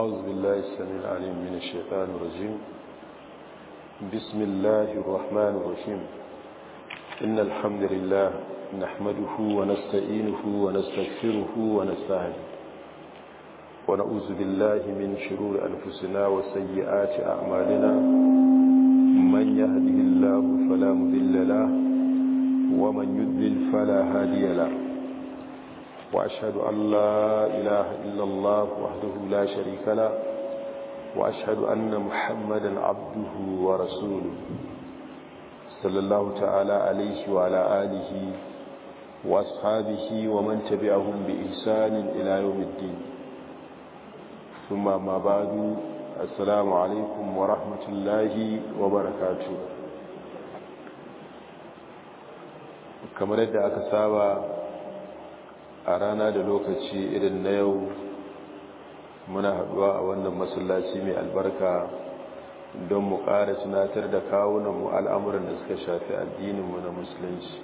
أعوذ بالله السميع العليم من الشيطان الرجيم بسم الله الرحمن الرحيم إن الحمد لله نحمده ونستعينه ونستغفره ونستهديه ونعوذ بالله من شرور أنفسنا وسيئات أعمالنا من يهده الله فلا مذل له ومن يذل فلا هادي له وأشهد أن لا إله إلا الله وحده لا شريك له وأشهد أن محمدا عبده ورسوله صلى الله تعالى عليه وعلى آله وأصحابه ومن تبعهم بإحسان إلى يوم الدين ثم ما بعد السلام عليكم ورحمة الله وبركاته كما yadda أكسابا a rana da lokaci irin na yau muna haduwa a wannan masallaci mai albarka don mu ƙara tunatar da kawunanmu al'amuran da suka shafi addininmu na musulunci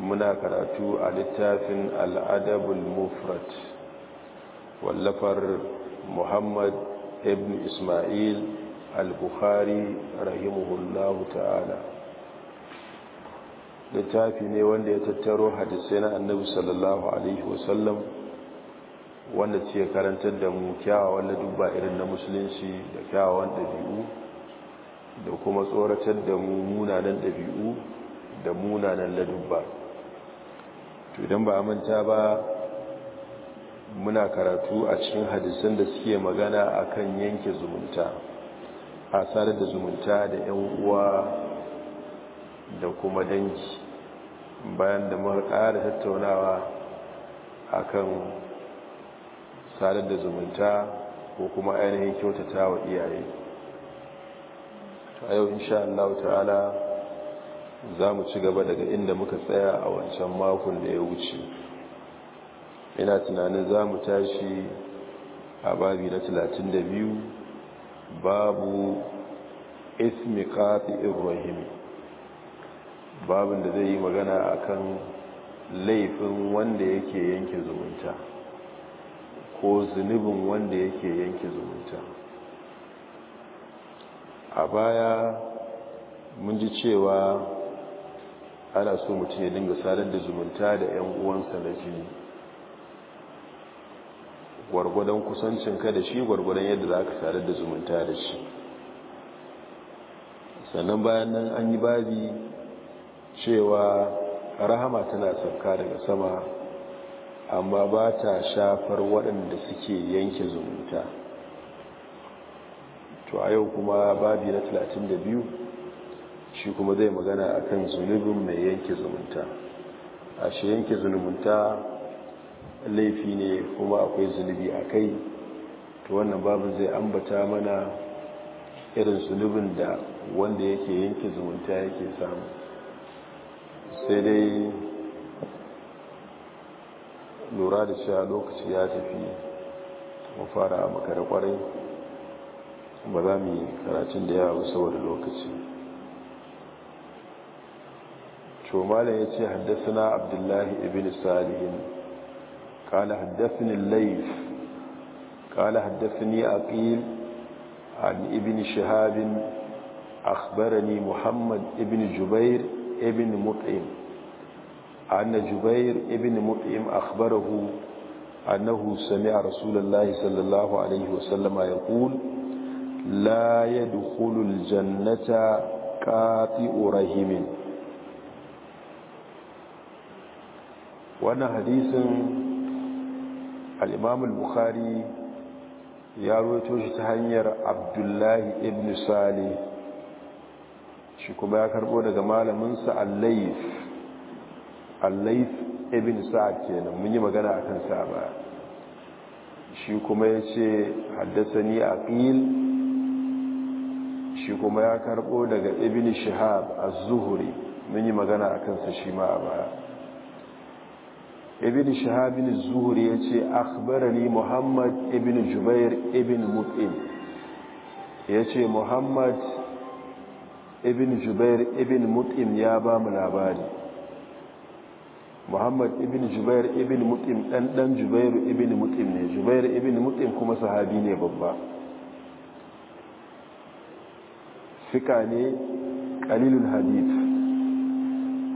muna karatu a littafin al'adabul mufrat wallafar muhammad ibn ismail al-bukhari rahimahullahu ta'ala littafi ne wanda ya tattaro hadisai na annabi sallallahu alaihi wasallam wanda ce karantar da mu kyawawan ladubba irin na musulunci da kyawawan ɗabi'u da kuma tsoratar da mu munanan ɗabi'u da munanan ladubba to idan ba manta ba muna karatu a cikin hadisan da suke magana a kan yanke zumunta a da zumunta da 'yan uwa da kuma dangi bayan da muka ƙara tattaunawa a kan sadar da zumunta ko kuma ainihin kyautata wa iyaye a yau insha Allah ta'ala za mu ci gaba daga inda muka tsaya a wancan makon da ya wuce ina tunanin za mu tashi a babi na 32 babu ismi kafi ibrahim babin da zai yi magana a kan laifin wanda yake yanke zumunta ko zunubin wanda yake yanke zumunta a baya mun ji cewa ana so mutum ya dinga sadar da zumunta da 'yan uwansa na jini gwargwadon kusancinka da shi gwargwadon yadda za ka sadar da zumunta da shi sannan bayan nan an yi babi cewa rahama tana sauka daga sama amma ba ta shafar waɗanda suke yanke zumunta to a yau kuma babi na 32 shi kuma zai magana a kan zunubin mai yanke zumunta a shi yanke zumunta laifi ne kuma akwai zunubi a kai to wannan babu zai ambata mana irin zunubin da wanda yake yanke zumunta yake samu sai dai lura da cewa lokaci ya tafi mu fara a makare kwarai ba za mu yi karatun da yawa saboda lokaci shomalin ya ce haddasa na abdullahi ibn salihin kala haddasa ni laif kala haddasa ni aqil an ibn shahabin akhbarani muhammad ibn jubair ابن مطعم أن جبير ابن مطعم أخبره أنه سمع رسول الله صلى الله عليه وسلم يقول لا يدخل الجنة قاطئ رحم وانا حديث الإمام البخاري bukhari ya roto shi ta hanyar abdullahi shi kuma ya karbo daga malaminsa allaif allaif ibn sa'ad kenan mun yi magana akan sa ba shi kuma ya ce haddasani aqil shi kuma ya karbo daga ibn shihab az-zuhri mun yi magana akan sa shi ma ba ibn shihab az-zuhri ya ce akhbarani muhammad ibn jubair ibn mut'im ya ce muhammad ibn jubair ibn mut'im ya ba mu labari muhammad ibn jubair ibn mut'im dan dan jubair ibn mut'im ne jubair ibn mut'im kuma sahabi ne babba fika ne kalilul hadith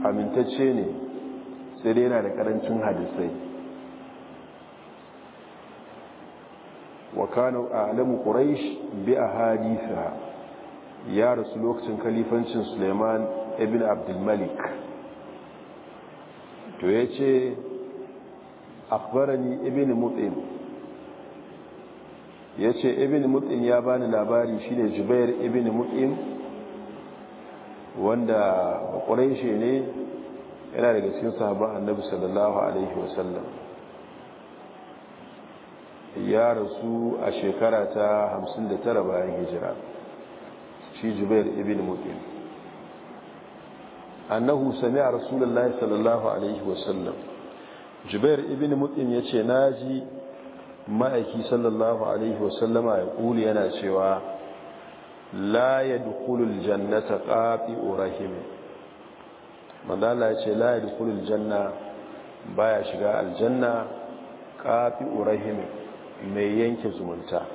amintacce ne sai dai yana da karancin hadisai wa kana a'lamu quraish bi ahadithiha ya rasu lokacin kalifancin suleiman ibn abdulmalik to ya ce akwarani ibn mutsin ya ce ibn mutsin ya bani labari shi ne jubair ibn mutsin wanda bakwarai shi ne yana daga cikin sahabar annabi sallallahu alaihi wasallam ya rasu a shekara ta 59 bayan hijira shi jubair ibn mutim annahu sami'a rasulullahi sallallahu alaihi wasallam jubair ibn mutim yace naji ma'aiki sallallahu alaihi wasallama ya kuli yana cewa la yadkhulul jannata qati'u rahim manzala yace la yadkhulul janna baya shiga aljanna qati'u rahim mai yanke zumunta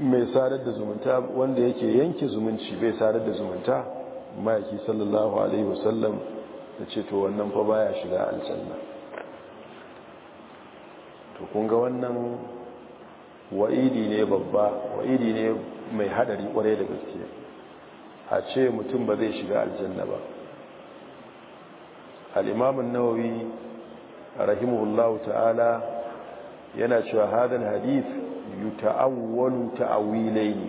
mai sadar da zumunta wanda yake yanke zumunci bai sadar da zumunta ma'aiki sallallahu alaihi wasallam da ce to wannan fa baya shiga aljanna to kun ga wannan wa'idi ne babba wa'idi ne mai hadari kwarai da gaske a ce mutum ba zai shiga aljanna ba al'imamun nawawi rahimahullahu ta'ala yana cewa hadin hadith yuta'awwalu ta'awilaini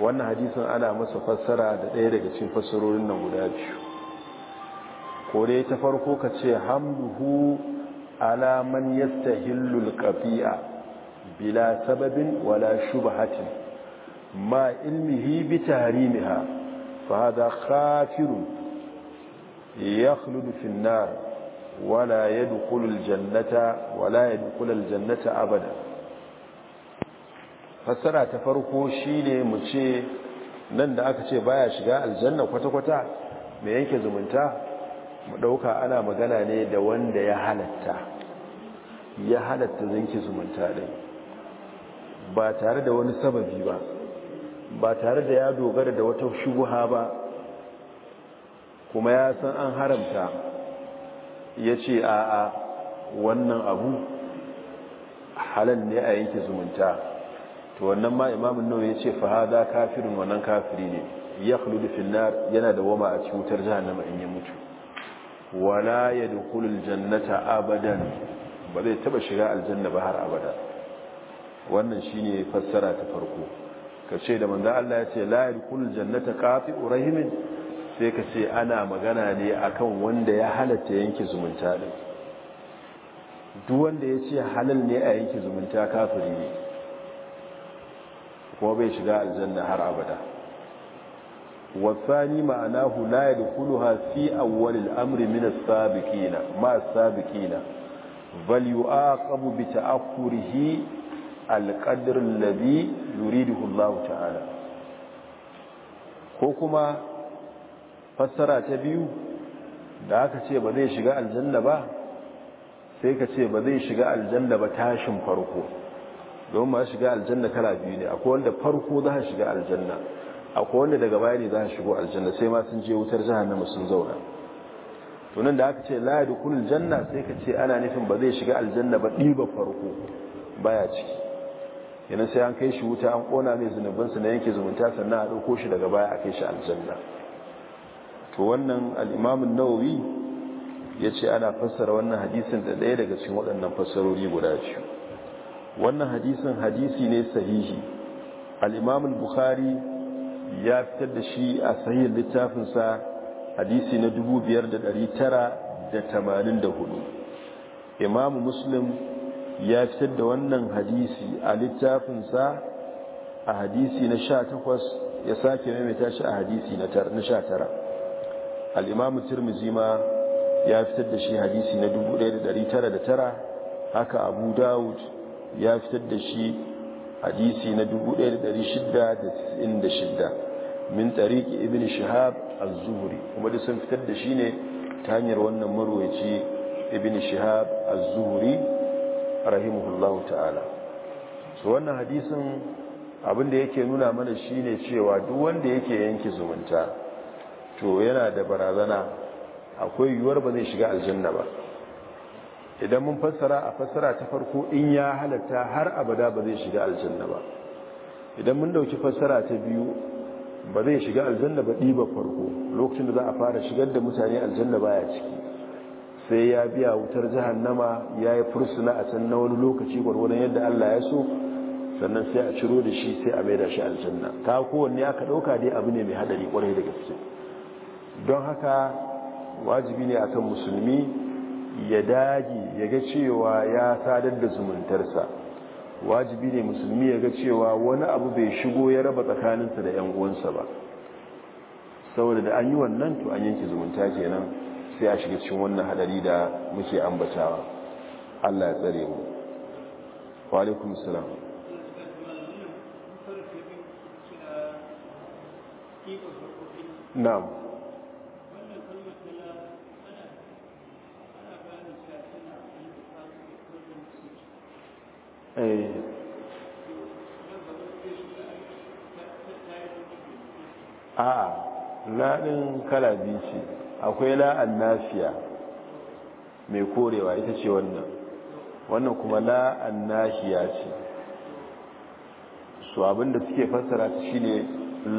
wannan hadisin ana masa fassara da ɗaya daga cikin fassarorin nan guda biyu ko dai ta farko ka ce hamduhu ala man yastahillu alqafi'a bila sababin wala shubhatin ma ilmihi bi tahrimiha fa hada khafirun yakhludu fi an-nar wala yadkhulu al-jannata wala yadkhulu al-jannata abada fassara ta farko shine mu ce nan da aka ce baya shiga aljanna kwata-kwata mai yanke zumunta mu dauka ana magana ne da wanda ya halatta ya halatta zanke zumunta din ba tare da wani sababi ba ba tare da ya dogara da wata shubuha ba kuma ya san an haramta ya ce a'a wannan abu halal ne a yanke zumunta to wannan ma imamun nawa ya ce fahada kafirin wannan kafiri ne ya khuludu finnar yana da wama a cikin wutar jahannama in ya mutu wala ya dukulul jannata abadan ba zai taba shiga aljanna ba har abada wannan shi ne fassara ta farko Ka ce da manzan Allah ya ce la kulun jannata kafi urahimin sai ka ce ana magana ne akan wanda ya halatta yanke zumunta ɗin. duk wanda ya ce halal ne a yanke zumunta kafiri ne kuma bai shiga aljanna har abada wasani ma'anahu la yadkhuluha fi awwal al-amr min as-sabiqina ma as-sabiqina bal yu'aqabu bi ta'akhurihi al-qadr alladhi yuriduhu Allah ta'ala ko kuma fassara ta biyu da aka ce ba zai shiga aljanna ba sai ka ce ba zai shiga aljanna ba tashin farko don ma shiga aljanna kala biyu ne akwai wanda farko za a shiga aljanna akwai wanda daga baya ne za a shigo aljanna sai ma sun je wutar jahannama sun zauna to nan da aka ce la yadkhulul janna sai ka ce ana nufin ba zai shiga aljanna ba ɗiba farko baya ciki yana sai an kai shi wuta an kona mai zunubansa na yanke zumunta sannan a ɗauko shi daga baya a kai shi aljanna to wannan al'imamin nawawi ya ce ana fassara wannan hadisin da ɗaya daga cikin waɗannan fassarori guda biyu wannan hadisin hadisi ne sahihi al-imam al-bukhari ya fitar da shi a sahihin littafinsa hadisi na 5984 imam muslim ya fitar da wannan hadisi a littafinsa a hadisi na 18 ya sake maimaita shi a hadisi na 19 al-imam tirmidhi ma ya fitar da shi hadisi na 1909 haka abu dawud ya fitar da shi hadisi na 1696 min tariki ibn shihab az-zuhri kuma da sun fitar da shi ne ta hanyar wannan marwaci ibn shihab az-zuhri rahimahullahu ta'ala so wannan hadisin abin abinda yake nuna mana shine cewa duk wanda yake yanke zumunta to yana da barazana akwai yiwuwar ba zai shiga aljanna ba idan mun fassara a fassara ta farko in ya halatta har abada ba zai shiga aljanna ba idan mun dauki fassara ta biyu ba zai shiga aljanna ba ɗiba farko lokacin da za a fara shigar da mutane aljanna baya ciki sai ya biya wutar jahannama ya yi fursuna a can na wani lokaci gwargwadon yadda allah ya so sannan sai a ciro da shi sai a da shi aljanna ta kowanne aka ɗauka dai abu ne mai haɗari kwarai da gaske don haka wajibi ne akan musulmi ya dage ya ga cewa ya sadar da zumuntarsa wajibi ne musulmi ya ga cewa wani abu bai shigo ya raba tsakaninsa da 'yan ba saboda da an yi wannan to an yanke zumunta kenan sai a shiga cikin wannan hadari da muke ambatawa Allah ya tsare mu wa alaikum salam na'am Eh. a laɗin kala biyu ce akwai la'an nafiya mai korewa ita ce wannan wannan kuma la'an nahiya ce su abinda suke fassara shi ne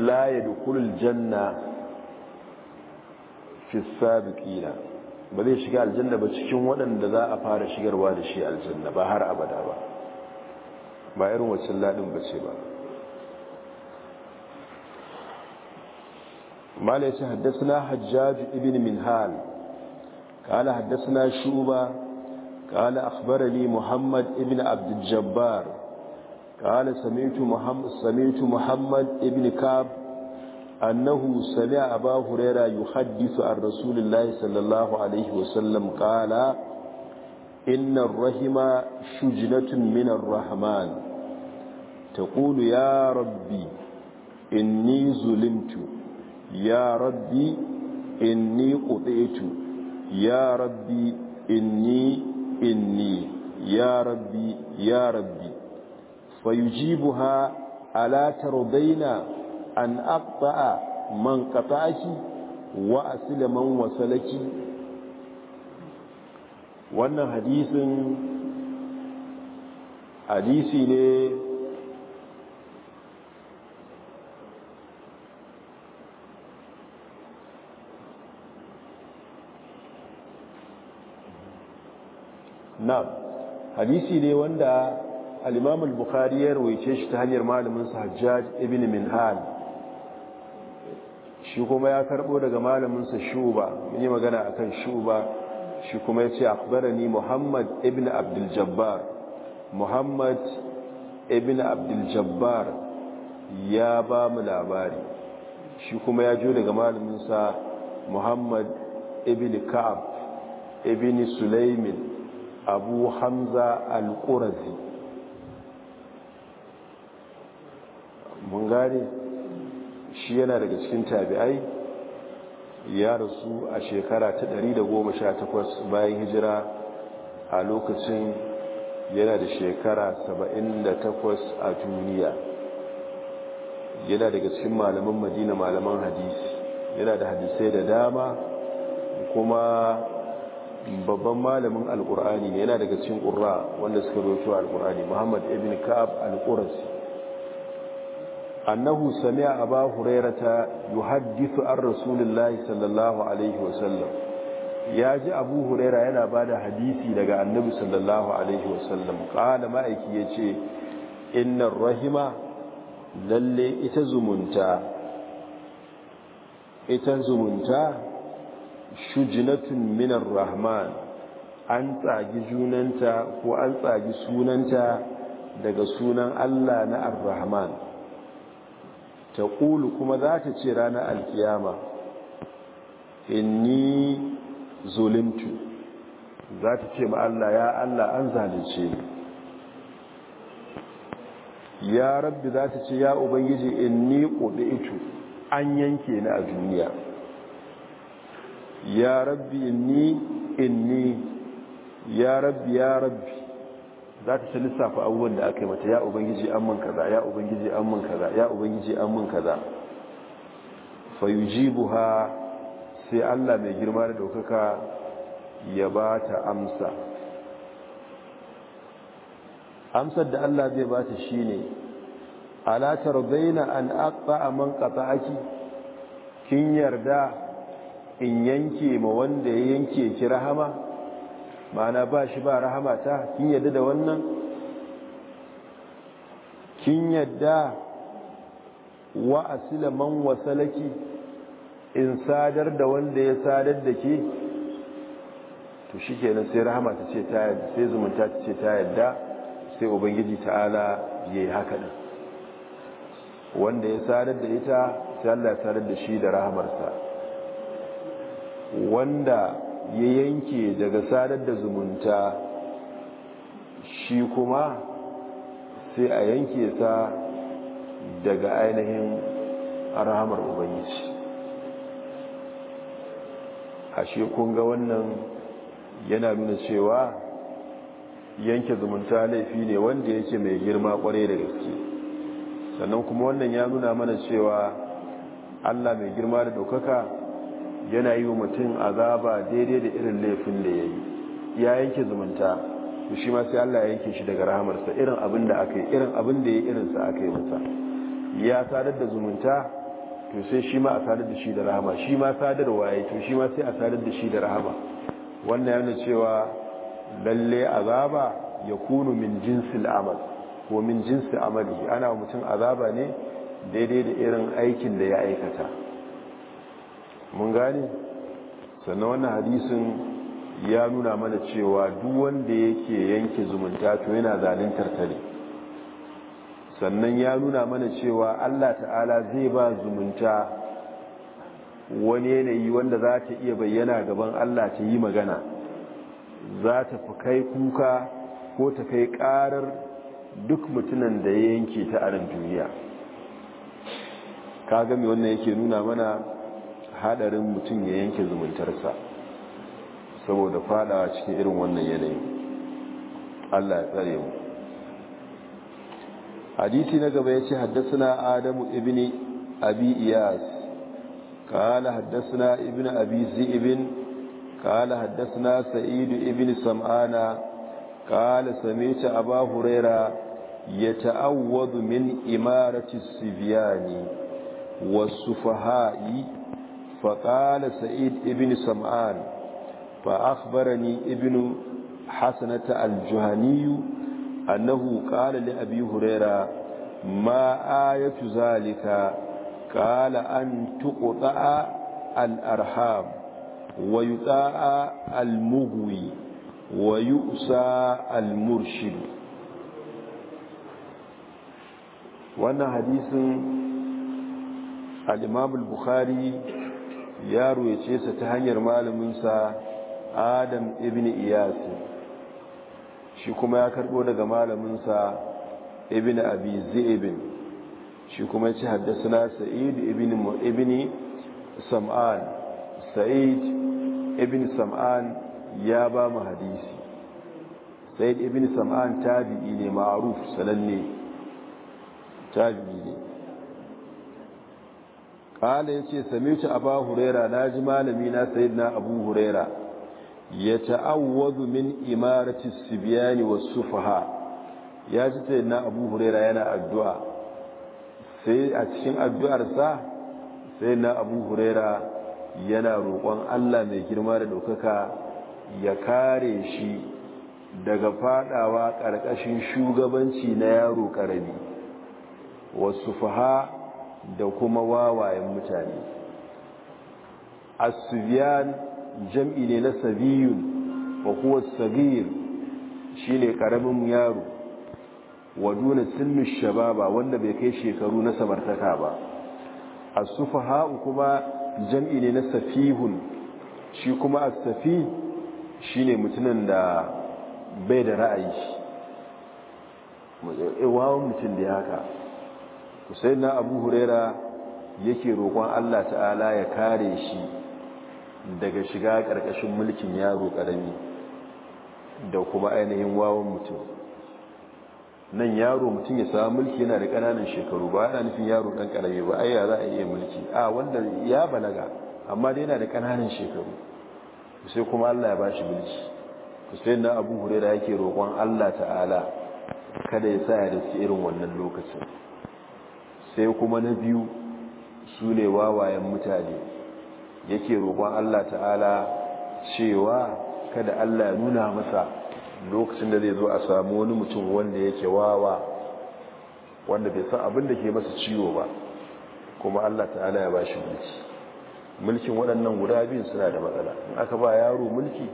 laye da kulul janna fissa bukina ba zai shiga aljanna ba cikin waɗanda za a fara shigarwa da shi aljanna ba har abada ba ba irin wacin ladin ba ce ba mala ya ce haddasa hajjaj ibn minhal kala haddasa na shuba kala akhbarani muhammad ibn abdujabbar kala samitu muhammad ibn kab annahu sami abu huraira yuhaddisu an rasulullahi sallallahu alaihi wasallam kala inna rahima shujnatun minan rahman taqulu ya rabbi inni zulimtu ya rabbi inni qutitu ya rabbi inni inni ya rabbi ya rabbi fayujibuha ala tardaina an aqta'a man qata'aki wa asila man wasalaki wannan hadisin hadisi ne na hadisi ne wanda al-imam bukhari ya rawaice shi ta hanyar malamin sa hajjaj ibn minhal shi kuma ya karbo daga malaminsa sa shuba mun yi magana akan shuba shi kuma ya ce ni muhammad ibn abdul-jabbar muhammad ibn abdul-jabbar ya ba mu labari shi kuma ya jo daga malaminsa muhammad ibn ka'ab ibn sulaimin abu hamza al-qurazi mun gane shi yana daga cikin tabi'ai ya rasu a shekara ta 118 bayan hijira a lokacin yana da shekara 78 a duniya yana daga cikin malaman madina malaman hadisi yana da hadisai da dama kuma babban malamin alkur'ani yana daga cikin ƙura wanda suka al alkur'ani muhammad ibn ka'ab alkurasi annahu sami'a aba hurairata yuhaddithu an rasulillahi sallallahu alaihi wasallam ya ji abu yana ba da hadisi daga annabi sallallahu alaihi wasallam ƙala ma'aiki ya ce innan rahima lalle ita zumunta ita zumunta shujinatun rahman an tsagi junanta ko an tsagi sunanta daga sunan allah na ar-rahman ta ƙulu kuma za ta ce ranar alkiyama inni zulimtu za ta ce ma Allah ya Allah an zalice ni ya rabbi za ta ce ya ubangiji inni ƙuɗi ito an yanke ni a duniya ya rabbi inni inni ya rabbi ya rabbi za ta ci lissafa abubuwan da aka yi mata ya ubangiji an mun kaza ya ubangiji an mun kaza ya ubangiji an mun kaza buha, sai Allah mai girma da daukaka ya ba ta amsa amsar da Allah zai ba ta ne. Alatar tardaina an a man ake kin yarda in yanke ma wanda ya yanke ki rahama ma'ana ba shi ba rahama ta kin yadda da wannan kin yadda wa asila man wasalaki in sadar da wanda ya sadar da ke to shi kenan sai ta ce ta yadda sai zumunta ta ce ta yadda sai ubangiji ta'ala ya yi haka ɗin wanda ya sadar da ita sai Allah ya sadar da shi da rahamarsa wanda ya yanke daga sadar da zumunta shi kuma sai a yanke sa daga ainihin arhamar ubangiji ashe kun ga wannan yana nuna cewa yanke zumunta laifi ne wanda yake mai girma kwarai da gaske sannan kuma wannan ya nuna mana cewa allah mai girma da ɗaukaka yana yi wa mutum azaba daidai da irin laifin da ya yi ya yanke zumunta to shi ma sai Allah ya yanke shi daga rahamarsa irin abin da aka yi irin abin da ya yi irinsa aka yi masa ya sadar da zumunta to sai shi ma a sadar da shi da rahama shi ma sadarwa ya to shi ma sai a sadar da shi da rahama wannan yana cewa lalle azaba ya kunu min jinsil amal ko min jinsi amali ana mutum azaba ne daidai da irin aikin da ya aikata mun gane sannan wannan hadisin ya nuna mana cewa duk wanda yake yanke zumunta to yana zaluntar ta sannan ya nuna mana cewa Allah ta'ala zai ba zumunta wani yanayi wanda za ta iya bayyana gaban Allah ta yi magana za ta fi kai kuka ko ta kai karar duk mutunan da ya yanke ta a duniya ka gami wannan yake nuna mana hadarin mutum ya yanke zumuntarsa saboda fada cikin irin wannan yanayin allah ya tsare mu hadisi na gaba ya ce haddasa adamu ibini abi iyas kala haddasa na Ibn abi kala haddasa na sa'idu Ibin sam'ana kala samice aba hurera ya ta'awwadu min imarati sibiyani wasu fahayi فقال سعيد ابن سمعان فأخبرني ابن حسنة الجهني أنه قال لأبي هريرة ما آية ذلك قال أن تقطع الأرحام ويطاع المغوي ويؤسى المرشد وأن حديث الإمام البخاري Yaro ya ce sa ta hanyar malaminsa adam ibn iyasi shi kuma ya karbo daga malaminsa ibn abi shi kuma ya ci haddasa sa'id ibn sam'an sa'id ibn sam'an ya ba mu hadisi sa'id ibn sam'an tabi'i ne ma'aruf sananne tabi'i ne qala yace sami'tu aba na ji malami na sayyidina abu ya yata'awwadu min imarati sibyani was-sufaha sai na abu huraira yana addu'a sai a cikin addu'arsa na abu huraira yana roƙon Allah mai girma da ɗaukaka ya kare shi daga fadawa ƙarƙashin shugabanci na yaro ƙarami wasu faha da kuma wawayen mutane Asubiyan jam'i ne na sabiyun wa kuwa sabiyun shi ne ƙaramin yaro wa duna shababa wanda bai kai shekaru na samartaka ba as ha’u kuma jam'i ne na safihun shi kuma Asafi safi ne mutumin da bai da ra'ayi wawan mutum da haka sai na abu huraira yake roƙon allah ta'ala ya kare shi daga shiga ƙarƙashin mulkin yaro ƙarami da kuma ainihin wawan mutum nan yaro mutum ya samu mulki yana da ƙananan shekaru ba yana nufin yaro ɗan ƙarami ba ai za a iya mulki a wanda ya balaga amma dai yana da ƙananan shekaru sai kuma Allah ya bashi mulki Hussein na Abu huraira yake roƙon Allah ta'ala kada ya sa ya riski irin wannan lokacin sai kuma na biyu su ne wawayen mutane yake roƙon Allah ta'ala cewa kada Allah ya nuna masa lokacin da zai zo a samu wani mutum wanda yake wawa wanda bai san abin da ke masa ciwo ba kuma Allah ta'ala ya ba shi mulki mulkin waɗannan guda biyun suna da matsala in aka ba yaro mulki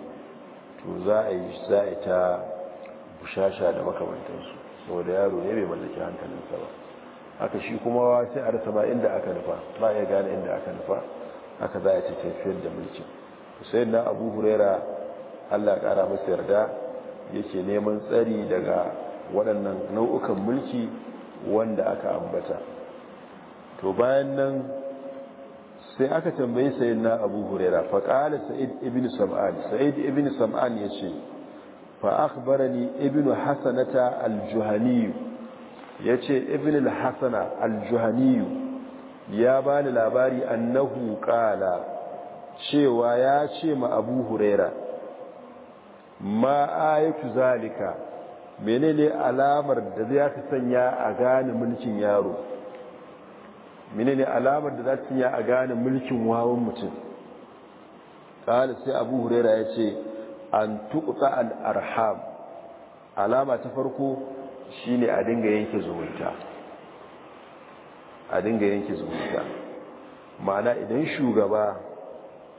to za a yi za a ta bushasha da makamantansu saboda yaro ne bai mallaki hankalinsa ba aka shi kuma sai a rasa ba inda aka nufa ba ya gane inda aka nufa haka za a ce tafiyar da mulki sai na abu hurera allah kara masa yarda yake neman tsari daga waɗannan nau'ukan mulki wanda aka ambata to bayan nan sai aka tambayi sai na abu huraira faƙali sa'id ibn sam'an sa'id ibn sam'an ya ce fa akhbarani ibn hasanata al-juhaniyu ya ce ibn al-hassana al-juhaniyu ya ba ni labari annahu Qala cewa ya ce ma abu huraira ma ayatu zalika menene alamar da za ta sanya a gane mulkin yaro menene alamar da za ta sanya a gane mulkin wawan mutum qala sai abu huraira ya ce an tuƙa al-arham alama ta farko shine a dinga yanke zumunta a dinga yanke zumunta ma'ana idan shugaba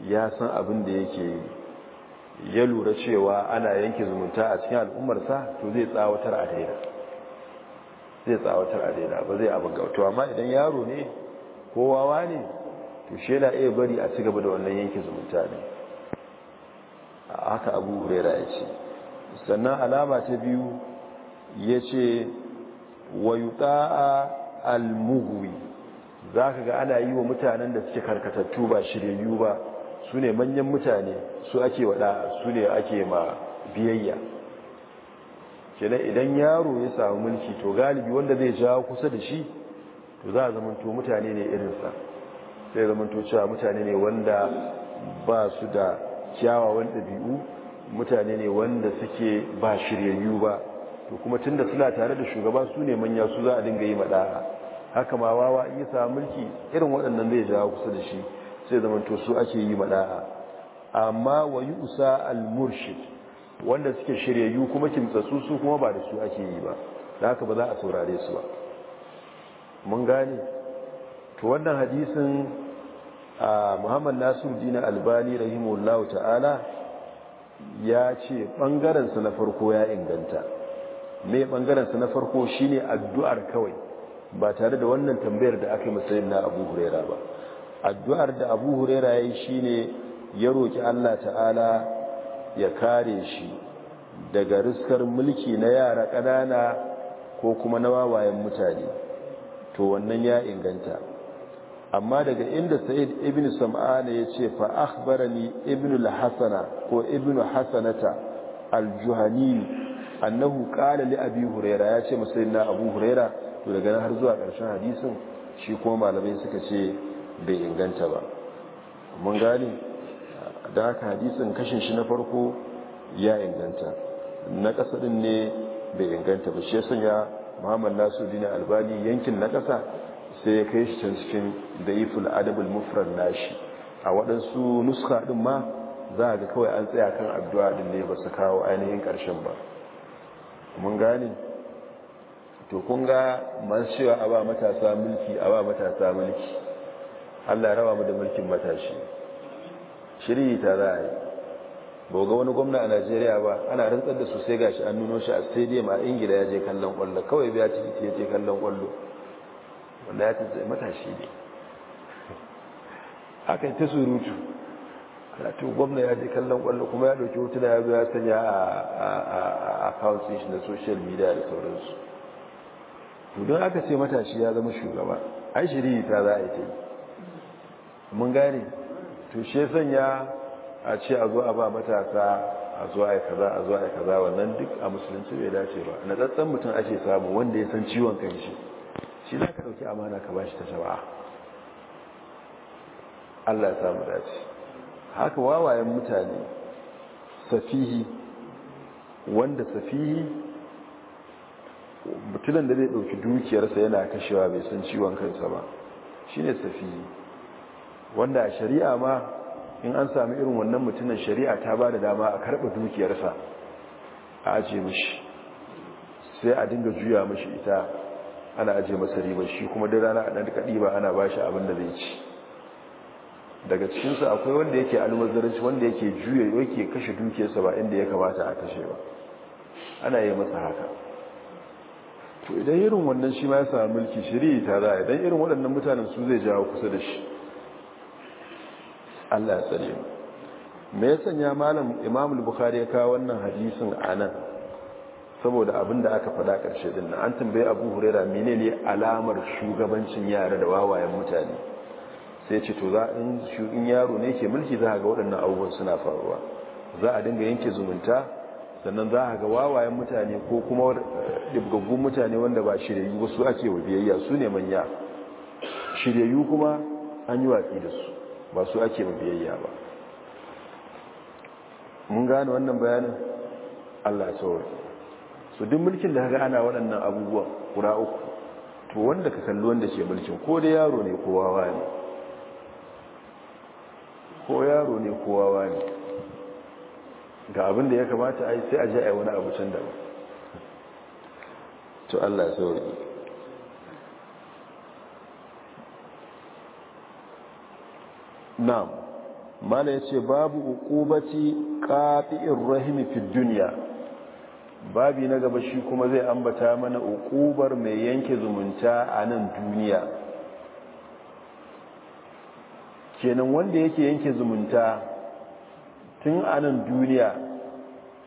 ya san abin da yake yi ya lura cewa ana yanke zumunta a cikin al'ummarsa to zai tsawatar a daina zai tsawatar a daina ba zai abin gautu amma idan yaro ne ko wawa ne to shi yana iya bari a ci gaba da wannan yanke zumunta ne A haka abu hurera ya ce sannan alama ta biyu ya ce wa yuƙa'a almuhuri za ka ga ana yi wa mutanen da suke karkatattu ba shiryayyu ba su ne manyan mutane su ake waɗa su ne ake ma biyayya kenan idan yaro ya samu mulki to galibi wanda zai jawo kusa da shi to za a zamanto mutane ne irinsa sai zamanto cewa mutane ne wanda ba su da kyawawan ɗabi'u mutane ne wanda suke ba shiryayyu ba to kuma tunda suna tare da shugaba su ne manya su za a dinga yi mada'a haka ma wawa in ya samu mulki irin waɗannan zai jawo kusa da shi sai zama to su ake yi mada'a amma wa usa al-murshid wanda suke shiryayyu kuma kimtsatsu su kuma ba da su ake yi ba da haka ba za a saurare su ba mun gane to wannan hadisin a muhammad dina albani rahimu ta'ala ya ce ɓangarensa na farko ya inganta mai bangaren na farko shine addu'ar kawai ba tare da wannan tambayar da aka yi masa na Abu ba addu'ar da Abu Huraira yayi shine ya roki Allah ta'ala ya kare shi daga riskar mulki na yara ƙanana ko kuma na wawayen mutane to wannan ya inganta amma daga inda sa'id ibn sam'ana ya ce fa akhbarani ibn al-hasana ko ibn Hassanata al-juhani annahu qala li abi huraira ya ce musayyidina abu huraira to daga har zuwa ƙarshen hadisin shi kuma malamai suka ce bai inganta ba mun gane da haka hadisin kashin shi na farko ya inganta na ƙasa ne bai inganta ba shi ya sanya muhammad dina albani yankin na ƙasa sai ya kai shi can cikin da'iful adabul mufrad nashi a waɗansu nuska din ma za ga kawai an tsaya kan addu'a din ne ba su kawo ainihin ƙarshen ba mun gane to kun ga man cewa a ba matasa mulki a ba matasa mulki allah raba mu da mulkin matashi shiri ta za a yi ba ga wani gwamna a najeriya ba ana rantsar da su sai gashi an nuno shi a stadium a ingila ya je kallon kwallo kawai biya ciki ya je kallon kwallo wanda ya tattara matashi ne akan ta surutu to gwamna ya je kallon kwallo kuma ya dauki hotuna ya zo ya sanya a accounts shi na social media da sauransu to don aka ce matashi ya zama shugaba ai shiri ta za a yi ta mun gane to shi sanya a ce a zo a ba matasa a zo a yi kaza a zo a yi kaza wannan duk a musulunci bai dace ba na tsatsan mutum ake samu wanda ya san ciwon kanshi shi za ka dauki amana ka ba shi ta shaba'a Allah ya samu dace haka wawayen mutane safihi wanda safihi mutumin da zai ɗauki dukiyarsa yana kashewa bai san ciwon kansa ba shine safihi wanda a shari'a ma in an sami irin wannan mutumin shari'a ta ba da dama a karɓa dukiyarsa a ajiye mashi sai a dinga juya mashi ita ana ajiye masa riba shi kuma duk rana a ɗan ba ana ba shi abin da zai ci daga cikinsu akwai wanda yake almazarci wanda yake juya yake kashe dukiyarsa ba inda ya kamata a kashe ba ana yi masa haka to idan irin wannan shi ma ya samu mulki shiri ta za idan irin waɗannan mutanen su zai jawo kusa da shi Allah ya tsare mu. me ya sanya malam Imam al-Bukhari ya kawo wannan hadisin a nan? saboda abin da aka faɗa ƙarshe din an tambaye Abu hurera menene alamar shugabancin yara da wawayen mutane sai ce to za in yaro ne ke mulki za a ga waɗannan abubuwan suna faruwa za a dinga yanke zumunta sannan za a ga wawayen mutane ko kuma dibgaggun mutane wanda ba shiryayyu ba su ake wa biyayya su ne manya shiryayyu kuma an yi watsi da su ba su ake wa biyayya ba mun gane wannan bayanin allah sauri su duk mulkin da haka ana waɗannan abubuwan kura uku to wanda ka kalli wanda ke mulkin ko da yaro ne ko wawa ne ko yaro ne wawa ne. ga abin da ya kamata a yi sai a ji a wani abucin da ba to allah ya sauri na mana ya ce babu ukubaci ƙafi'in rahimi fi duniya babi na gaba shi kuma zai ambata mana ukubar mai yanke zumunta a nan duniya kenan wanda yake yanke zumunta tun anan duniya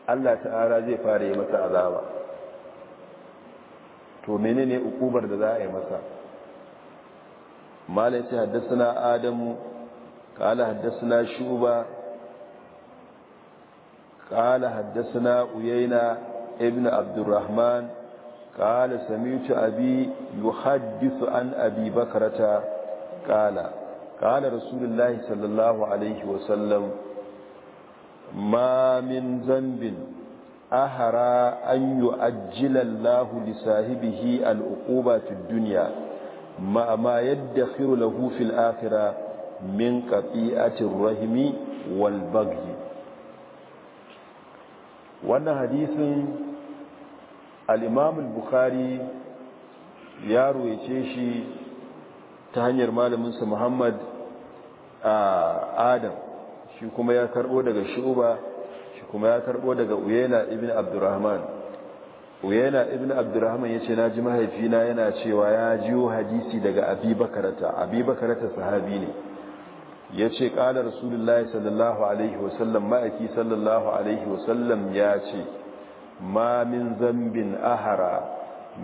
Allah ta'ala zai fara yi masa azaba to menene hukumar da za a yi masa malai sai haddasa adamu kala haddasa na shuba kala haddasa na uyaina ibn abdurrahman kala samitu abi yuhaddisu an abi bakarata kala قال رسول الله صلى الله عليه وسلم ما من ذنب أهرى أن يؤجل الله لصاحبه العقوبة في الدنيا ما, ما يدخر له في الآخرة من قطيئة الرحم والبغي وانا حديث الإمام البخاري يارو bukhari ta hanyar malaminsa muhammad adam shi kuma ya karbo daga shuba shi kuma ya karbo daga uyena ibn abdurrahman uyena ibn abdurrahman ya ce na ji mahaifina yana cewa ya jiyo hadisi daga abibakarata abibakarata sahabi ne ya ce ƙala rasulullahi sallallahu alaihi wasallam ma'aiki sallallahu alaihi wasallam ya ce ma min zambin ahara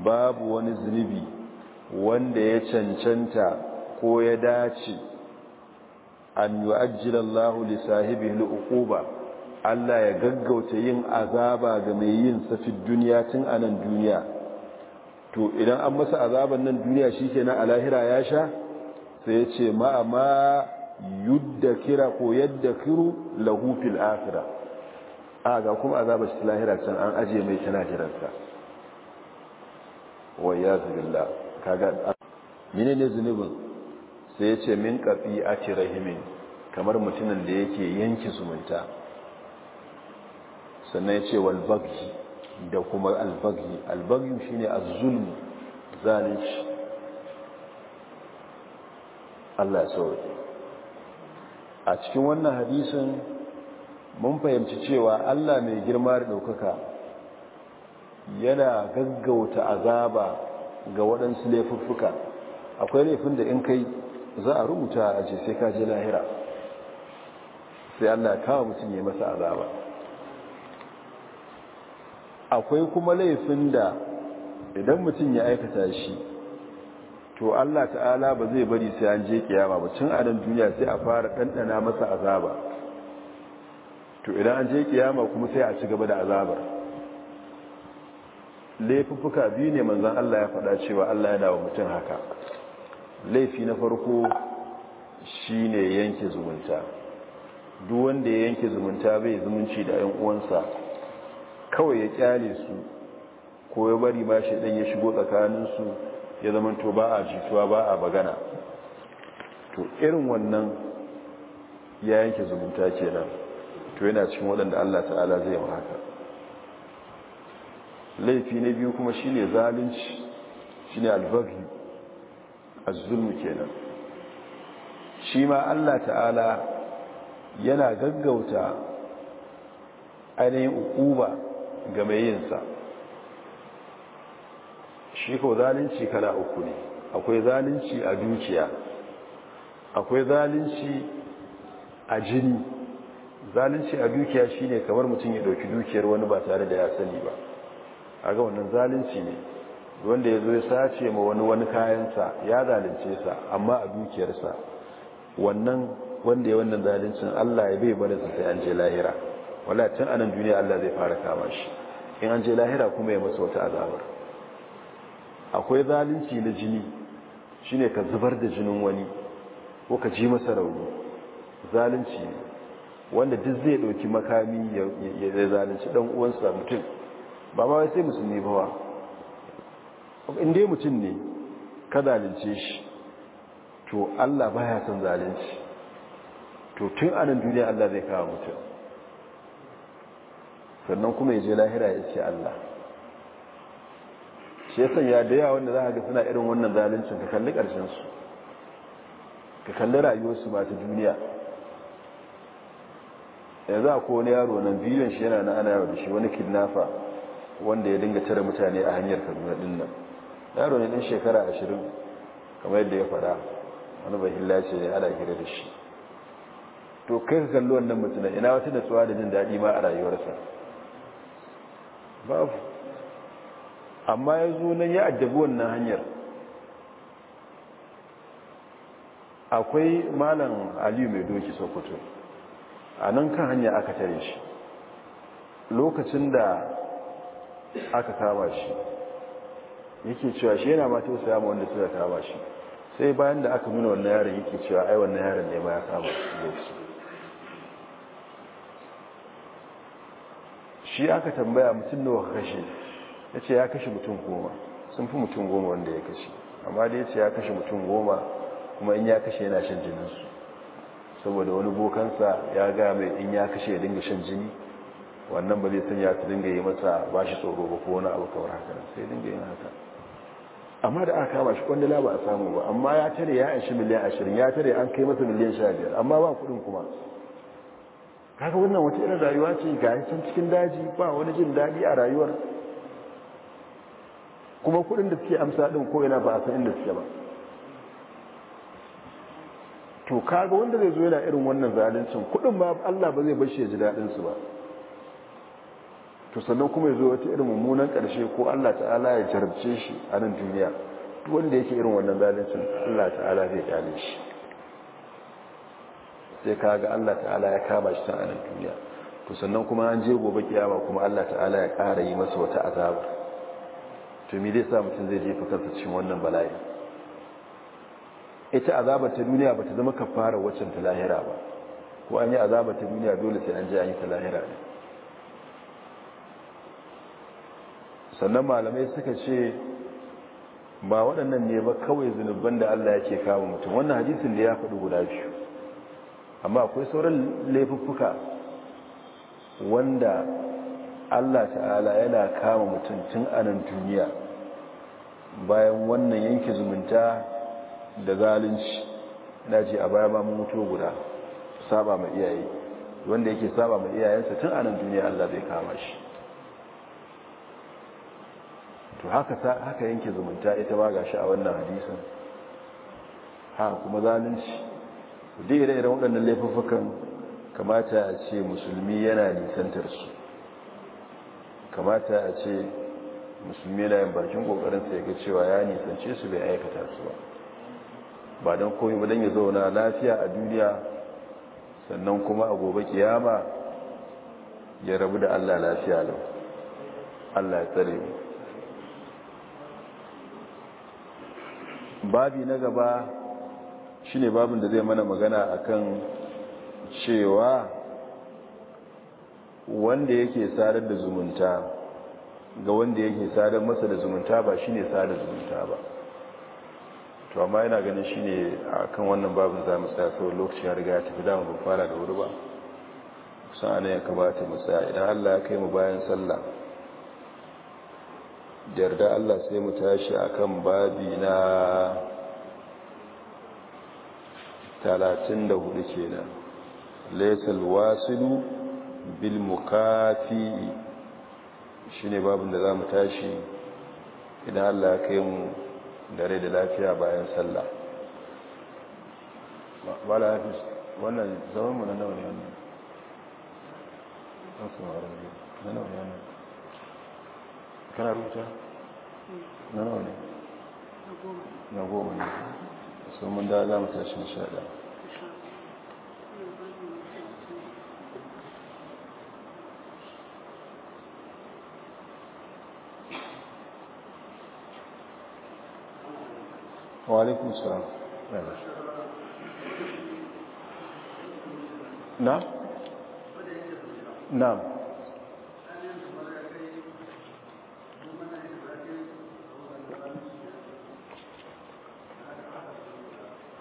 babu wani zunubi wanda ya cancanta ko ya dace an yu'ajjilallahu li sahibihi al'uquba Allah ya gaggauta yin azaba ga mai yin safi duniya tun a nan duniya to idan an masa azaban nan duniya shi shikenan a lahira ya sha sai ya ce ma ma yudda kira ko yadda kiru lahu fil akhirah a ga kuma azabar shi lahira can an ajiye mai tana jiransa wa billah kaga mene ne zunubin sai ya ce min kafi a ci rahimin kamar mutumin da yake yanki zumunta sannan ya ce walbagi da kuma albagi albagi shi ne a zulmi zalici allah sauri a cikin wannan hadisun mun fahimci cewa allah mai girma da ɗaukaka yana gaggauta azaba ga waɗansu laifuffuka akwai laifin da in kai za a rubuta a ce sai ka lahira sai allah kawo mutum ya masa azaba akwai kuma laifin da idan mutum ya aikata shi to allah ta'ala ba zai bari sai an je kiyama ba cin adam duniya sai a fara ɗanɗana masa azaba to idan an je kiyama kuma sai a ci gaba da azabar laifuffuka biyu ne manzan Allah ya faɗa cewa Allah yana wa mutum haka laifi na farko shi ne yanke zumunta duk wanda ya yanke zumunta bai zumunci da 'yan uwansa kawai ya kyale su ko ya bari ba shi ɗan ya shigo tsakaninsu ya zama to ba a jituwa ba a bagana to irin wannan ya yanke zumunta ke nan to yana cikin waɗanda Allah ta'ala zai yi haka laifi na biyu kuma shi ne zalunci ne albaghi a zulm kenan shi ma Allah ta'ala yana gaggauta ainihin ukuba ga mai shi ko zalunci kala uku ne akwai zalunci a dukiya akwai zalunci a jini zalunci a dukiya shi ne kamar mutum ya dauki dukiyar wani ba tare da ya sani ba a ga wannan zalunci ne wanda ya zo ya sace ma wani wani kayansa ya zalunce sa amma a dukiyarsa wannan wanda ya wannan zaluncin allah ya bai barinsa sai an je lahira wala tun anan duniya allah zai fara kama shi in an je lahira kuma ya masa wata azabar akwai zalunci na jini shine ka zubar da jinin wani ko ka ji masa rauni zalunci ne wanda duk zai ɗauki makami ya zalunci dan uwansa mutum ba ma sai musulmi ba wa inda mutum ne ka zalince shi to Allah ba ya son zalince to tun anan duniya Allah zai kawo mutum sannan kuma ya je lahira ya ce Allah shi yasan ya da wanda za ga suna irin wannan zaluncin ka kalli karshensu ka kalli rayuwarsu ba ta duniya yanzu a kone yaro nan bidiyon shi yana na ana yaro da shi wani kidnafa wanda ya dinga tare mutane a hanyar kaduna din nan yaro ne din shekara ashirin kamar yadda ya fara wani bahilla ce ya ala hira da shi to kai ka kalli wannan mutumin ina wata da tsawa da jin daɗi ma a rayuwarsa babu amma ya zo nan ya addabi wannan hanyar akwai malam aliyu mai doki sokoto a nan kan hanya aka tare shi lokacin da aka kama shi yake cewa shi yana mata wasu yamma wanda suka kama shi sai bayan da aka nuna wannan yaron yake cewa ai wannan yaron ne ma ya kama shi shi aka tambaya mutum waka kashe ya ce ya kashe mutum goma sun fi mutum goma wanda ya kashe amma da ya ce ya kashe mutum goma kuma in ya kashe yana shan jininsu saboda wani bokansa ya ga mai in ya kashe ya dinga shan jini wannan ba zai sanya ta dinga yi masa ba shi tsoro ba ko wani abu kawar haka sai dinga yin haka amma da aka kama shi kwandala ba a samu ba amma ya tare ya ishi miliyan ashirin ya tare an kai masa miliyan sha biyar amma ba kudin kuma kaga wannan wata irin rayuwa ce ga can cikin daji ba wani jin daɗi a rayuwar kuma kudin da suke amsa ɗin ko ina ba a san inda suke ba to kaga wanda zai zo yana irin wannan zaluncin kudin ba Allah ba zai bar shi ya ji daɗinsu ba to sannan kuma ya zo wata irin mummunan ƙarshe ko Allah ta'ala ya jarabce shi a nan duniya duk wanda yake irin wannan zalincin Allah ta'ala zai kyale shi sai kaga Allah ta'ala ya kama shi ta a nan duniya to sannan kuma an je gobe kiyama kuma Allah ta'ala ya ƙara yi masa wata azabar. to me zai sa mutum zai jefa kansa cikin wannan bala'i ita azabar ta duniya ba ta zama kafara waccan ta lahira ba ko an yi azabar ta duniya dole sai an je an yi ta lahira ne sannan malamai suka ce ba waɗannan ne ba kawai zunubban da Allah ya ke kama mutum wannan hadisun da ya faɗi guda biyu amma akwai sauran laifuffuka wanda Allah ta'ala yana kama mutum tun anan duniya bayan wannan yanke zumunta da zalunci na ce a baya ba mutu guda saba ma iyaye wanda yake saba ma iyayensa tun anan duniya Allah zai kama shi to haka haka yanke zumunta ita ba gashi a wannan hadisin ha kuma zalunci da ire-iren waɗannan laifuffukan kamata a ce musulmi yana nisantar su kamata a ce musulmi yana yin bakin ƙoƙarinsa ya ga cewa ya nisance su bai aikata su ba ba don koyi ba don ya zauna lafiya a duniya sannan kuma a gobe kiyama ya rabu da allah lafiya lau allah ya tsare mu babi na gaba shi ne babin da zai mana magana akan cewa wanda yake sadar da zumunta ga wanda yake sadar masa da zumunta ba shi ne sadar zumunta ba to amma yana ganin shi shine akan wannan babin zamu tsaya saboda lokaci ya riga ya tafi da mu fara da wuri ba kusan ana ya kamata mu tsaya idan Allah ya kai mu bayan sallah da yarda Allah sai mu tashi akan babi na 34 kenan laysal wasilu bil mukafi shine babin da zamu tashi idan Allah ya kai mu dare da lafiya bayan sallah wala hafiz wannan zaman mu na nawa ne wannan na nawa ne wannan kana rubuta na nawa ne na goma ne so mun da za mu tashi insha na na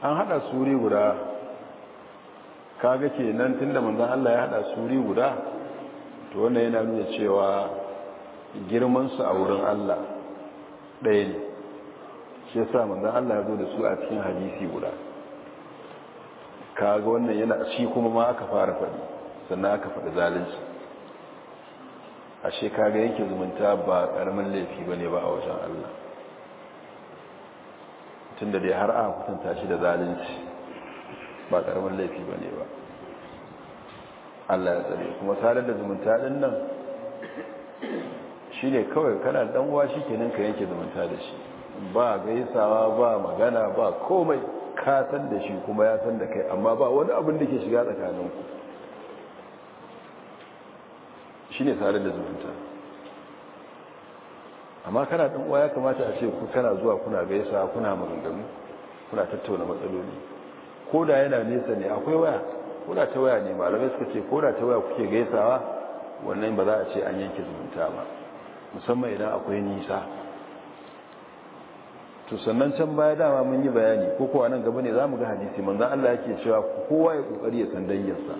an hada suri guda kaga kenan tunda manzan Allah ya hada suri guda to wannan yana nuna cewa girman su a wurin Allah ɗaya ne shi sa manzan Allah ya zo da su a cikin hadisi guda kaga wannan yana shi kuma ma aka fara faɗi sannan aka faɗi zalunci ashe kaga yake zumunta ba ƙaramin laifi ba ne ba a wajen Allah tun da dai har a kusanta shi da zalunci ba ƙaramin laifi ba ne ba Allah ya tsare kuma sadar da zumunta ɗin nan shi ne kawai kana ɗanwa shi kenan ka yanke zumunta da shi ba gaisawa ba magana ba komai ka san da shi kuma ya san da kai amma ba wani abin da ke shiga tsakaninku shi ne sadar da zumunta amma kana ɗan uwa ya kamata a ce ku kana zuwa kuna gaisa kuna maganganu kuna tattauna matsaloli ko da yana nesa ne akwai waya ko da ta waya ne malamai suka ce ko da ta waya kuke gaisawa wannan ba za a ce an yanke zumunta ba musamman idan akwai nisa to sannan can baya dama mun yi bayani ko kuwa nan gaba ne za mu ga hadisi manzan Allah yake cewa kowa ya kokari ya san danyensa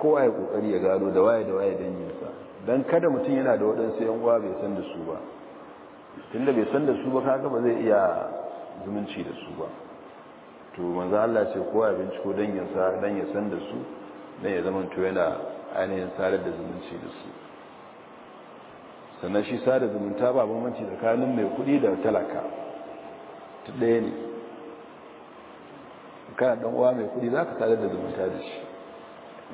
kowa ya kokari ya gado da waye da waye danyensa don kada mutum yana da waɗansu yan uwa bai san da su ba da bai san da su ba kaga ba zai iya zumunci da su ba to manzo Allah ce kowa ya binciko dangin dan ya san da su dan ya zama to yana ainihin sadar da zumunci da su sannan shi sadar zumunta ba bambanci tsakanin mai kuɗi da talaka ta ɗaya ne kana dan uwa mai kuɗi ka sadar da zumunta da shi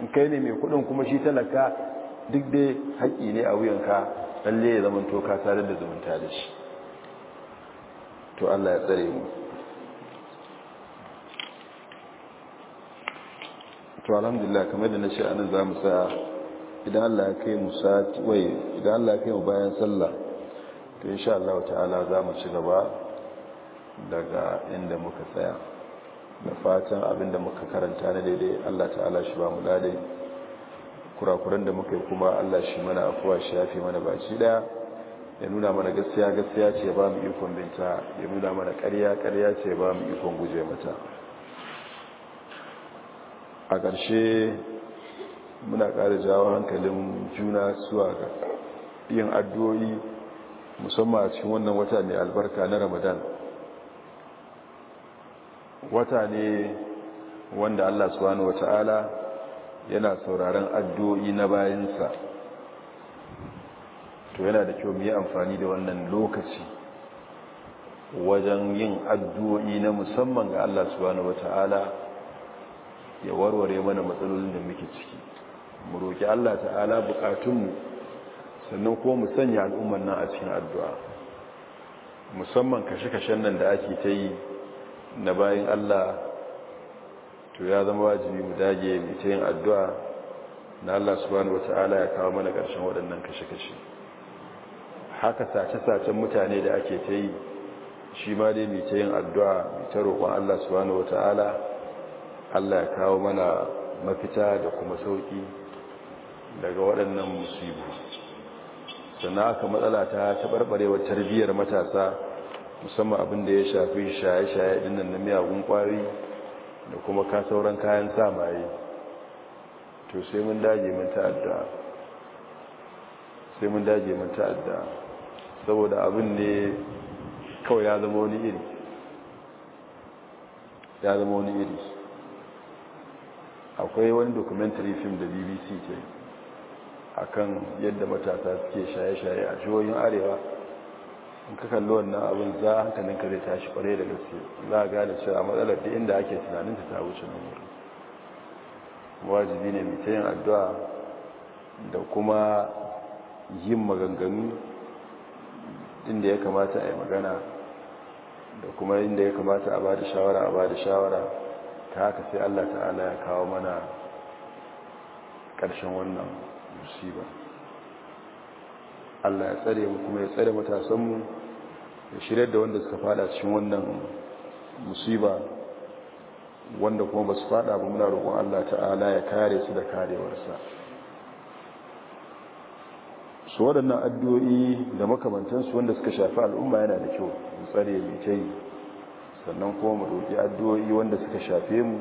in kai ne mai kuɗin kuma shi talaka duk dai haƙƙi ne a wuyan wuyanka lalle ya zama toka tare da zumunta da shi to Allah ya tsare mu to alhamdulillah kamar da na ce anan za mu sa idan Allah ya kai mu sati wai idan Allah ya kai mu bayan sallah to insha Allah ta'ala za mu ci gaba daga inda muka tsaya da fatan abinda muka karanta na daidai Allah ta'ala shi ba mu daidai kurakuran da muka yi kuma Allah shi mana afuwa shi fi mana baci daya ya nuna mana gaskiya gaskiya ce ba mu ikon binta ya nuna mana ƙarya ƙarya ce ba mu ikon guje mata a ƙarshe muna ƙara jawo hankalin juna suwa ga yin addu'o'i musamman a cikin wannan wata mai albarka na ramadan wata ne wanda allah subhanahu wata'ala yana sauraron addu'o'i na bayansa to yana da kyau mu yi amfani da wannan lokaci wajen yin addu'o'i na musamman ga Allah subhanahu wata'ala ya warware mana matsalolin da muke ciki mu roƙi Allah ta'ala buƙatunmu sannan kuma mu sanya al'umman nan a cikin addu'a musamman kashe-kashen nan da ake ta yi na bayan Allah to ya zama wajibi mu dage mu ta yin addu'a na Allah subhanahu wata'ala ya kawo mana ƙarshen waɗannan kashe-kashe haka sace-sacen mutane da ake ta yi shi ma dai mu ta yin addu'a mu ta roƙon Allah subhanahu wata'ala Allah ya kawo mana mafita da kuma sauƙi daga waɗannan musibu sannan aka matsala ta taɓarɓarewar tarbiyyar matasa musamman abin da ya shafi shaye-shaye dinnan na miyagun ƙwari da kuma ka sauran kayan samaye to sai mun dage mun ta'adda sai mun dage mun ta'adda saboda abin ne kawai ya zama wani iri ya zama wani iri akwai wani documentary film da bbc ke akan yadda matasa suke shaye-shaye a jihohin arewa in ka kalli wannan abin za a hankalinka zai tashi kware da gaske za a gane cewa matsalar da inda ake tunaninta ta wuce nan wuri wajibi ne mai yin addu'a da kuma yin maganganu inda ya kamata a yi magana da kuma inda ya kamata a ba shawara a bada shawara ta haka sai Allah ta'ala ya kawo mana ƙarshen wannan musiba Allah ya tsare mu kuma ya tsare matasanmu ya shirya da wanda suka fada cikin wannan musiba wanda kuma ba su fada ba muna roƙon Allah ta'ala ya kare su da karewarsa su waɗannan addu'o'i da makamantansu wanda suka shafi al'umma yana da kyau mu tsare mai kyai sannan kuma mu roƙi addu'o'i wanda suka shafe mu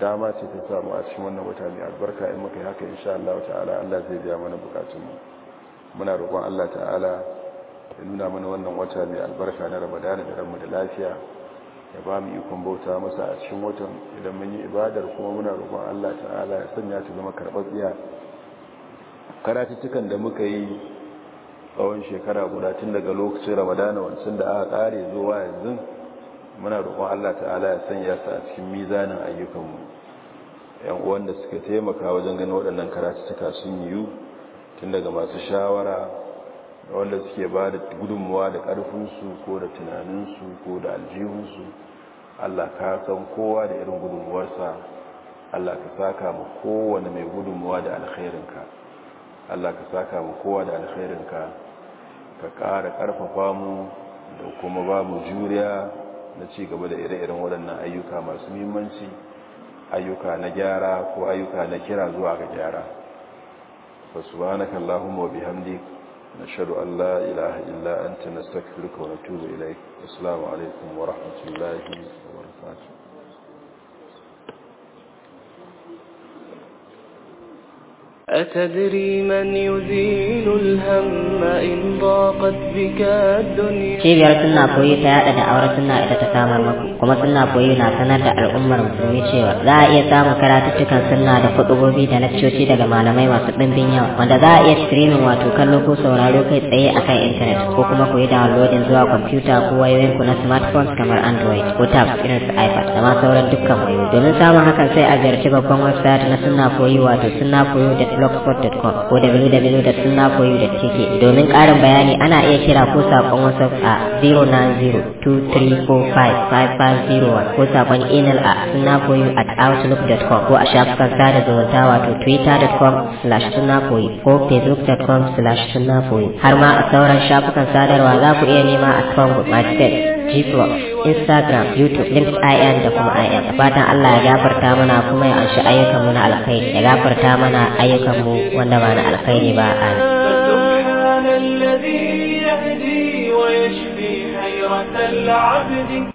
dama ce ta samu a cikin wannan wata mai albarka in muka yi haka insha Allah ta'ala Allah zai biya mana bukatunmu muna roƙon Allah ta'ala ya nuna mana wannan wata mai albarka na ramadana da ranmu da lafiya ya ba mu ikon bauta masa a cikin watan idan mun yi ibadar kuma muna roƙon Allah ta'ala ya sanya ta zama karɓaɓɓiya karatuttukan da muka yi tsawon shekara guda tun daga lokacin ramadana wancan da aka ƙare zuwa yanzu muna roƙon Allah ta'ala ya sanya su a cikin mizanin ayyukanmu yan uwan da suka taimaka wajen ganin waɗannan karatuttuka sun yiwu tun daga masu shawara wanda suke ba da gudunmuwa da ƙarfinsu ko da tunaninsu ko da aljihunsu allah ka san kowa da irin gudunmuwarsa allah ka saka mu kowane mai gudunmuwa da alkhairinka allah ka saka mu kowa da alkhairinka ka ƙara ƙarfafa mu da kuma ba mu juriya na ci gaba da ire-iren waɗannan ayyuka masu muhimmanci ayyuka na gyara ko ayyuka na kira zuwa ga gyara wasu ba wa نشهد أن لا إله إلا أنت نستكفرك ونتوب إليك والسلام عليكم ورحمة الله وبركاته أتدري من يزيل الهم إن ضاقت بك الدنيا كيف يرسلنا أبوي سيادة أورسلنا إذا تسامر مكو kuma suna koyi na sanar da al'ummar musulmi cewa za a iya samun karatuttukan sunna da kuɗubobi da lakcoci daga malamai masu ɗimbin yawa wanda za a iya streaming wato kallo ko sauraro kai tsaye akan intanet, ko kuma ku koyi downloading zuwa kwamfuta ko wayoyin ku na smartphones kamar android ko tabs irin su ipad da ma sauran dukkan wayoyi domin samun hakan sai a ziyarci babban website na sunna koyi wato sunnakoyi.blogspot.com ko tk domin ƙarin bayani ana iya kira ko saƙon whatsapp a 090 2345 501 ko sakon email a sunakoyi at outlook.com ko a shafukan sada zumunta wato twitter.com slash sunakoyi ko facebook.com slash sunakoyi har ma a sauran shafukan sadarwa za ku iya nema a congo MySpace Gblog, Instagram, YouTube, LinkedIn da kuma IM. Fatan Allah ya gafarta mana kuma ya anshi ayyukanmu na alkhairi, ya gafarta mana ayyukanmu wanda ba na alkhairi ba a العبد